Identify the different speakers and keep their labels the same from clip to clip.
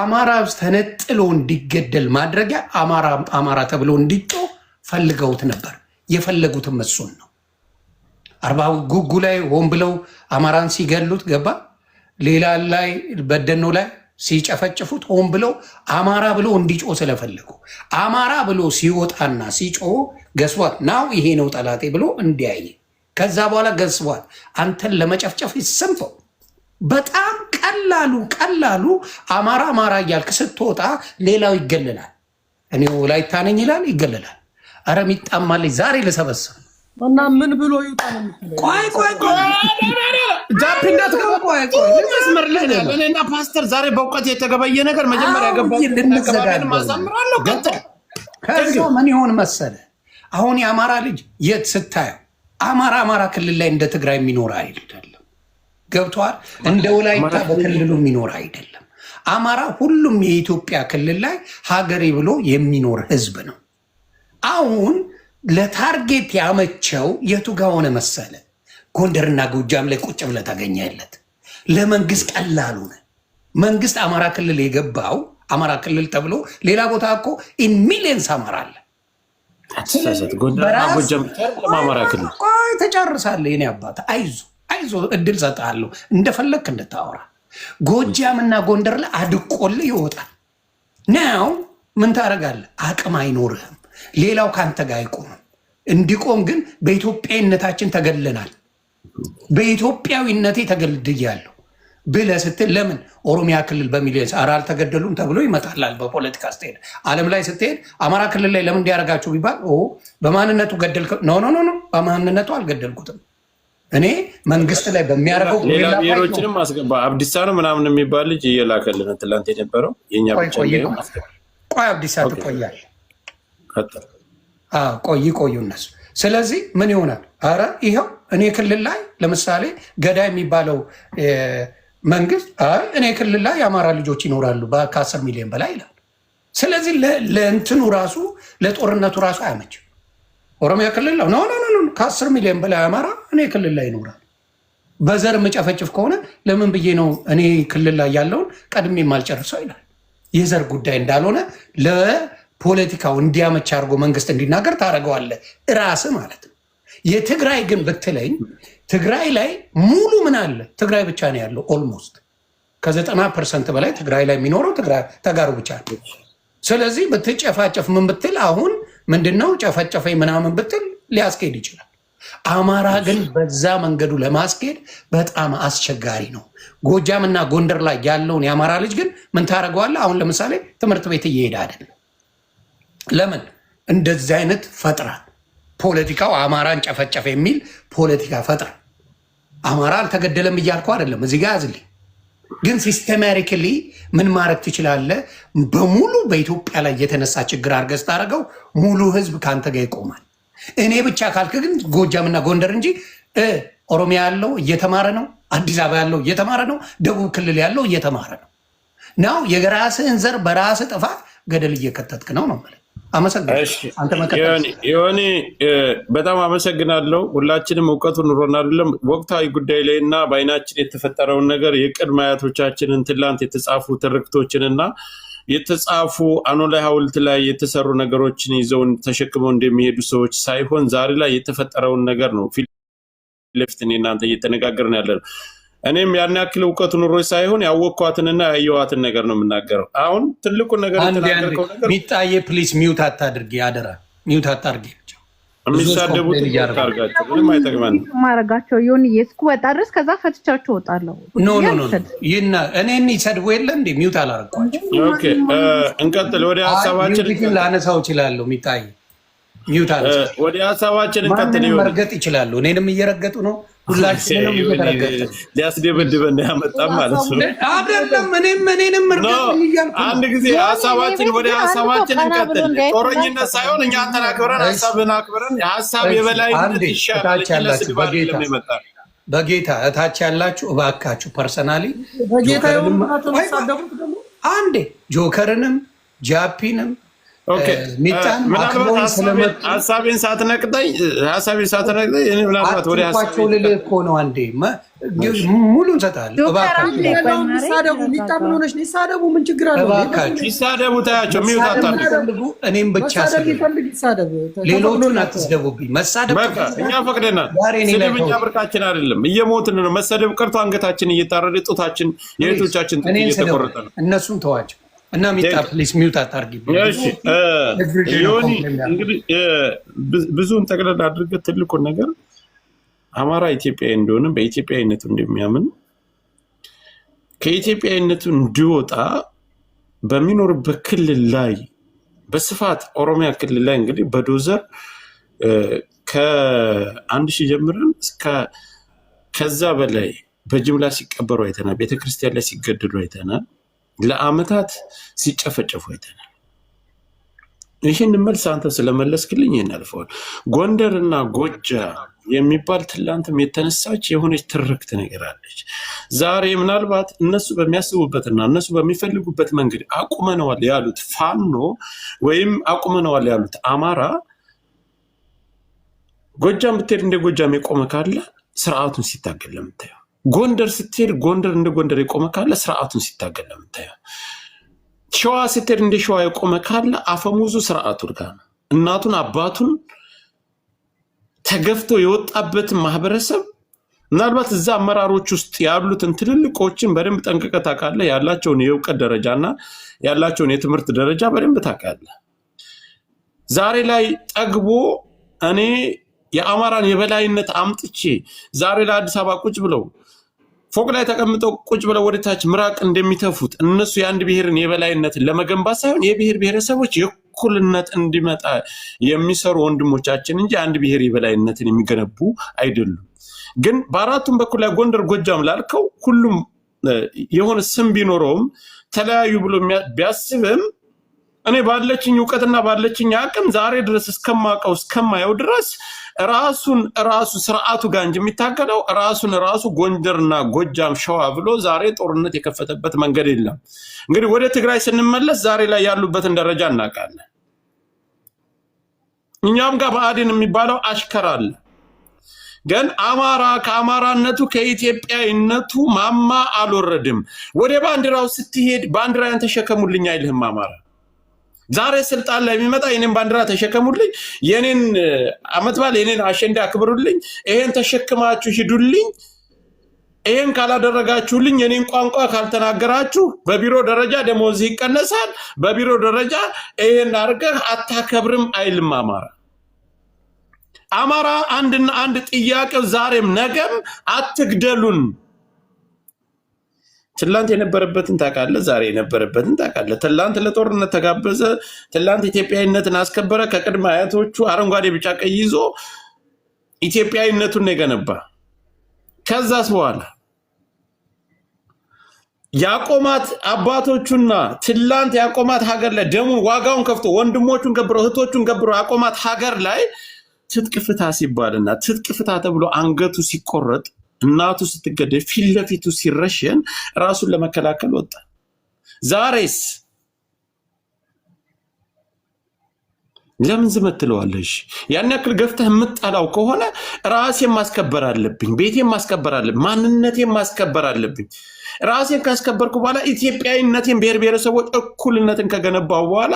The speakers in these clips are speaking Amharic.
Speaker 1: አማራ ተነጥሎ እንዲገደል ማድረጊያ አማራ አማራ ተብሎ እንዲጮ ፈልገውት ነበር። የፈለጉትም እሱን ነው። አርባ ጉጉ ላይ ሆን ብለው አማራን ሲገሉት ገባ። ሌላ ላይ በደኖ ላይ ሲጨፈጭፉት ሆን ብለው አማራ ብሎ እንዲጮ ስለፈለጉ አማራ ብሎ ሲወጣና ሲጮ ገስዋት ናው ይሄ ነው ጠላቴ ብሎ እንዲያይ ከዛ በኋላ ገስዋት አንተን ለመጨፍጨፍ ይሰንፈው በጣም ቀላሉ ቀላሉ አማራ አማራ እያልክ ስትወጣ ሌላው ይገለላል። እኔ ወላይታ ነኝ ይላል ይገለላል። አረ ሚጣማልኝ ዛሬ ልሰበስብ
Speaker 2: እና ምን ብሎ ይውጣ?
Speaker 1: ቆይ ቆይ ጃፒ እንዳትገባ እኔና ፓስተር ዛሬ በእውቀት የተገበየ ነገር መጀመሪያ ገባ
Speaker 2: ልንዘጋለን
Speaker 1: ምን ይሆን መሰለ አሁን የአማራ ልጅ የት ስታየው አማራ አማራ ክልል ላይ እንደ ትግራይ የሚኖር አይደለም ገብተዋል። እንደ ወላይታ በክልሉ የሚኖር አይደለም። አማራ ሁሉም የኢትዮጵያ ክልል ላይ ሀገሬ ብሎ የሚኖር ህዝብ ነው። አሁን ለታርጌት ያመቸው የቱ ጋ ሆነ መሰለ? ጎንደርና ጎጃም ላይ ቁጭ ብለ ታገኛለት። ለመንግስት ቀላሉ ነ መንግስት አማራ ክልል የገባው አማራ ክልል ተብሎ ሌላ ቦታ እኮ ኢን ሚሊየንስ አማራ አለ። ተጨርሳለ የኔ አባት አይዞህ። አይዞ እድል ሰጥሃለሁ፣ እንደፈለግክ እንድታወራ። ጎጃምና ጎንደር ላይ አድቆልህ ይወጣል። ናው ምን ታደርጋለህ? አቅም አይኖርህም። ሌላው ከአንተ ጋር አይቆምም። እንዲቆም ግን በኢትዮጵያዊነታችን ተገልለናል። በኢትዮጵያዊነቴ ተገልድያለሁ ብለህ ስትል ለምን ኦሮሚያ ክልል በሚሊዮን ኧረ አልተገደሉም ተብሎ ይመጣላል። በፖለቲካ ስትሄድ ዓለም ላይ ስትሄድ አማራ ክልል ላይ ለምን እንዲያደርጋቸው ቢባል በማንነቱ ገደልከው። ኖ ኖ ኖ፣ በማንነቱ አልገደልኩትም እኔ መንግስት ላይ በሚያደርገው
Speaker 2: ሌላ ብሔሮችንም አስገባ። አብዲሳ ነው ምናምን የሚባል ልጅ እየላከልን ትላንት የነበረው የኛ ቆይ
Speaker 1: አብዲሳ ትቆያል። ቆይ ቆዩ እነሱ። ስለዚህ ምን ይሆናል? አረ ይኸው እኔ ክልል ላይ ለምሳሌ ገዳ የሚባለው መንግስት አይ እኔ ክልል ላይ የአማራ ልጆች ይኖራሉ ከአስር ሚሊዮን በላይ ይላል። ስለዚህ ለእንትኑ ራሱ ለጦርነቱ ራሱ አያመችም። ኦሮሚያ ክልል ነው ነው ከአስር ሚሊዮን በላይ አማራ እኔ ክልል ላይ ይኖራል። በዘር መጨፈጭፍ ከሆነ ለምን ብዬ ነው እኔ ክልል ላይ ያለውን ቀድሜ የማልጨርሰው ይላል። የዘር ጉዳይ እንዳልሆነ ለፖለቲካው እንዲያመች አድርጎ መንግስት እንዲናገር ታደርገዋለህ ራስ ማለት ነው። የትግራይ ግን ብትለኝ ትግራይ ላይ ሙሉ ምን አለ ትግራይ ብቻ ነው ያለው ኦልሞስት ከዘጠና ፐርሰንት በላይ ትግራይ ላይ የሚኖረው ተጋሩ ብቻ ስለዚህ ብትጨፋጨፍ ምን ብትል አሁን ምንድነው ጨፈጨፈ ጨፈጨፈኝ ምናምን ብትል ሊያስኬድ ይችላል። አማራ ግን በዛ መንገዱ ለማስኬድ በጣም አስቸጋሪ ነው። ጎጃም እና ጎንደር ላይ ያለውን የአማራ ልጅ ግን ምን ታደርገዋለህ? አሁን ለምሳሌ ትምህርት ቤት እየሄደ አይደለም። ለምን? እንደዚህ አይነት ፈጥራ ፖለቲካው አማራን ጨፈጨፈ የሚል ፖለቲካ ፈጥራ። አማራ አልተገደለም እያልኩ አይደለም። እዚህ ጋ ያዝልኝ ግን ሲስተማሪክሊ ምን ማድረግ ትችላለህ? በሙሉ በኢትዮጵያ ላይ የተነሳ ችግር አድርገህ ስታደርገው ሙሉ ህዝብ ከአንተ ጋር ይቆማል። እኔ ብቻ ካልክ ግን ጎጃምና ጎንደር እንጂ ኦሮሚያ ያለው እየተማረ ነው፣ አዲስ አበባ ያለው እየተማረ ነው፣ ደቡብ ክልል ያለው እየተማረ ነው። ናው የራስህን ዘር በራስህ ጥፋት ገደል እየከተትክ ነው ነው ማለት
Speaker 2: አመሰግናለሁዮኒ በጣም አመሰግናለሁ። ሁላችንም እውቀቱ ኑሮን አይደለም ወቅታዊ ጉዳይ ላይ እና በአይናችን የተፈጠረውን ነገር የቅድመ አያቶቻችንን ትላንት የተጻፉ ትርክቶችን እና የተጻፉ አኖ ላይ ሐውልት ላይ የተሰሩ ነገሮችን ይዘውን ተሸክመው እንደሚሄዱ ሰዎች ሳይሆን ዛሬ ላይ የተፈጠረውን ነገር ነው ፊት ለፊት እናንተ እየተነጋገርን ያለ ነው። እኔም ያን ያክል እውቀቱ ኑሮ ሳይሆን ያወቅኳትንና ያየዋትን ነገር ነው የምናገረው። አሁን ትልቁ ነገር
Speaker 1: ሚጣዬ ፕሊስ ሚውት አታድርጊ፣ አደራ ሚውት አታድርጊ።
Speaker 2: የሚሳደቡትን ታርጋቸው ምንም አይጠቅመን
Speaker 3: ማድረጋቸው ይሁን እስኩ ወጣ ድረስ ከዛ ፈትቻቸው ወጣለሁ።
Speaker 1: ኖ ኖ ኖ ይና እኔን ይሰድቡ የለ እንዴ ሚውት አላረግኳቸው።
Speaker 2: እንቀጥል ወደ ሀሳባችን።
Speaker 1: ላነሳው እችላለሁ ሚጣዬ ሚውት አለ።
Speaker 2: ወደ ሀሳባችን
Speaker 1: እንቀጥል። መርገጥ ይችላሉ። እኔንም እየረገጡ ነው
Speaker 2: ሊያስደበድበን ያመጣም ማለት ነው።
Speaker 1: አይደለም እኔም እኔንም
Speaker 2: አንድ ጊዜ ሀሳባችን ወደ ሀሳባችን እንቀጥል። ጦረኝነት ሳይሆን እኛ ሀሳብን አክብረን የሀሳብ የበላይነት
Speaker 1: ይሻላል። በጌታ እታች ያላችሁ እባካችሁ ፐርሰናሊ አንዴ ጆከርንም ጃፒንም
Speaker 2: ሀሳቤን ሳትነቅጠኝ ሀሳቤን ሳትነቅጠኝ እኔ
Speaker 1: ምናልባት ወደ ሀሳቤን ልልህ እኮ ነው። አንዴ ሙሉ እንሰጥሃለሁ።
Speaker 3: ይሳደቡ፣ ምን ችግር
Speaker 1: አለ?
Speaker 2: ይሳደቡ፣ ታያቸው።
Speaker 1: እኔም ብቻ ሌሎቹን አትስደቡብኝ። መሳደብ
Speaker 2: እኛ ፈቅደናል። ስድብ እኛ ብርቃችን አይደለም። እየሞትን ነው። መሰደብ ቀርቶ አንገታችን እየታረደ ጡታችን
Speaker 1: እየተቆረጠ ነው። እነሱን ተዋቸው። እና ሚጣ ፕሊስ ሚውት አታርጊ።
Speaker 2: እንግዲህ ብዙውን ጠቅለል አድርገህ ትልቁን ነገር አማራ ኢትዮጵያዊ እንደሆነ በኢትዮጵያዊነቱ እንደሚያምን ከኢትዮጵያዊነቱ እንዲወጣ በሚኖርበት ክልል ላይ በስፋት ኦሮሚያ ክልል ላይ እንግዲህ በዶዘር ከአንድ ሺህ ጀምረን እስከ ከዛ በላይ በጅምላ ሲቀበሩ አይተናል። ቤተክርስቲያን ላይ ሲገደሉ አይተናል። ለአመታት ሲጨፈጨፉ አይተናል። ይህን መልስ አንተ ስለመለስክልኝ ይናልፈዋል። ጎንደር እና ጎጃ የሚባል ትላንትም የተነሳች የሆነች ትርክት ነገር አለች። ዛሬ ምናልባት እነሱ በሚያስቡበትና እነሱ በሚፈልጉበት መንገድ አቁመነዋል ያሉት ፋኖ ወይም አቁመነዋል ያሉት አማራ ጎጃም ብትሄድ እንደ ጎጃም የቆመ ካለ ስርዓቱን ሲታገል ለምታየው ጎንደር ስትሄድ ጎንደር እንደ ጎንደር የቆመ ካለ ስርዓቱን ሲታገል ለምታየው፣ ሸዋ ስትሄድ እንደ ሸዋ የቆመ ካለ አፈሙዙ ስርዓቱ ጋ ነው። እናቱን አባቱን ተገፍቶ የወጣበትን ማህበረሰብ ምናልባት እዛ አመራሮች ውስጥ ያሉትን ትልልቆችን በደንብ ጠንቅቀህ ታውቃለህ። ያላቸውን የእውቀት ደረጃና ያላቸውን የትምህርት ደረጃ በደንብ ታውቃለህ። ዛሬ ላይ ጠግቦ እኔ የአማራን የበላይነት አምጥቼ ዛሬ ላይ አዲስ አበባ ቁጭ ብለው ፎቅ ላይ ተቀምጠው ቁጭ ብለው ወደታች ምራቅ እንደሚተፉት እነሱ የአንድ ብሔርን የበላይነትን ለመገንባት ሳይሆን የብሔር ብሔረሰቦች የእኩልነት እንዲመጣ የሚሰሩ ወንድሞቻችን እንጂ አንድ ብሔር የበላይነትን የሚገነቡ አይደሉም። ግን በአራቱም በኩል ላይ ጎንደር፣ ጎጃም ላልከው ሁሉም የሆነ ስም ቢኖረውም ተለያዩ ብሎ ቢያስብም እኔ ባለችኝ እውቀትና ባለችኝ አቅም ዛሬ ድረስ እስከማውቀው እስከማየው ድረስ ራሱን ራሱ ስርዓቱ ጋር እንጂ የሚታገለው ራሱን ራሱ ጎንደርና ጎጃም ሸዋ ብሎ ዛሬ ጦርነት የከፈተበት መንገድ የለም። እንግዲህ ወደ ትግራይ ስንመለስ ዛሬ ላይ ያሉበትን ደረጃ እናውቃለን። እኛም ጋር ብአዴን የሚባለው አሽከራ አለ። ግን አማራ ከአማራነቱ ከኢትዮጵያዊነቱ ማማ አልወረድም። ወደ ባንዲራው ስትሄድ ባንዲራን ተሸከሙልኝ አይልህም አማራ ዛሬ ስልጣን ላይ የሚመጣ የኔን ባንዲራ ተሸከሙልኝ፣ የኔን አመት በዓል የኔን አሸንዳ አክብሩልኝ፣ ይሄን ተሸክማችሁ ሂዱልኝ፣ ይሄን ካላደረጋችሁልኝ፣ የኔን ቋንቋ ካልተናገራችሁ በቢሮ ደረጃ ደሞዝ ይቀነሳል፣ በቢሮ ደረጃ ይሄን አድርገህ አታከብርም አይልም አማራ። አማራ አንድና አንድ ጥያቄው ዛሬም ነገም አትግደሉን ትላንት የነበረበትን ታውቃለህ፣ ዛሬ የነበረበትን ታውቃለህ። ትላንት ለጦርነት ተጋበዘ፣ ትላንት ኢትዮጵያዊነትን አስከበረ። ከቅድመ አያቶቹ አረንጓዴ፣ ቢጫ፣ ቀይ ይዞ ኢትዮጵያዊነቱን የገነባ ከዛስ በኋላ ያቆማት አባቶቹና ትላንት ያቆማት ሀገር ላይ ደሙን ዋጋውን ከፍቶ ወንድሞቹን ገብሮ እህቶቹን ገብሮ ያቆማት ሀገር ላይ ትጥቅ ፍታ ሲባልና ትጥቅ ፍታ ተብሎ አንገቱ ሲቆረጥ እናቱ ስትገደል ፊት ለፊቱ ሲረሸን ራሱን ለመከላከል ወጣ። ዛሬስ ለምን ዝም ያን ያክል ገፍተህ የምጠላው ከሆነ ራሴን ማስከበር አለብኝ፣ ቤቴን ማስከበር አለብኝ፣ ማንነቴን ማስከበር አለብኝ። ራሴን ካስከበርኩ በኋላ ኢትዮጵያዊነቴን፣ ብሔር ብሔረሰቦች እኩልነትን ከገነባው በኋላ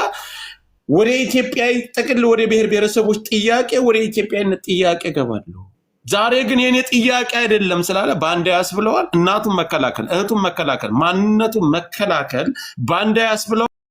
Speaker 2: ወደ ኢትዮጵያዊ ጥቅል ወደ ብሔር ብሔረሰቦች ጥያቄ ወደ ኢትዮጵያዊነት ጥያቄ ገባለሁ። ዛሬ ግን የኔ ጥያቄ አይደለም ስላለ ባንዳ ያስብለዋል። እናቱን መከላከል፣ እህቱን መከላከል፣ ማንነቱን መከላከል ባንዳ ያስብለዋል።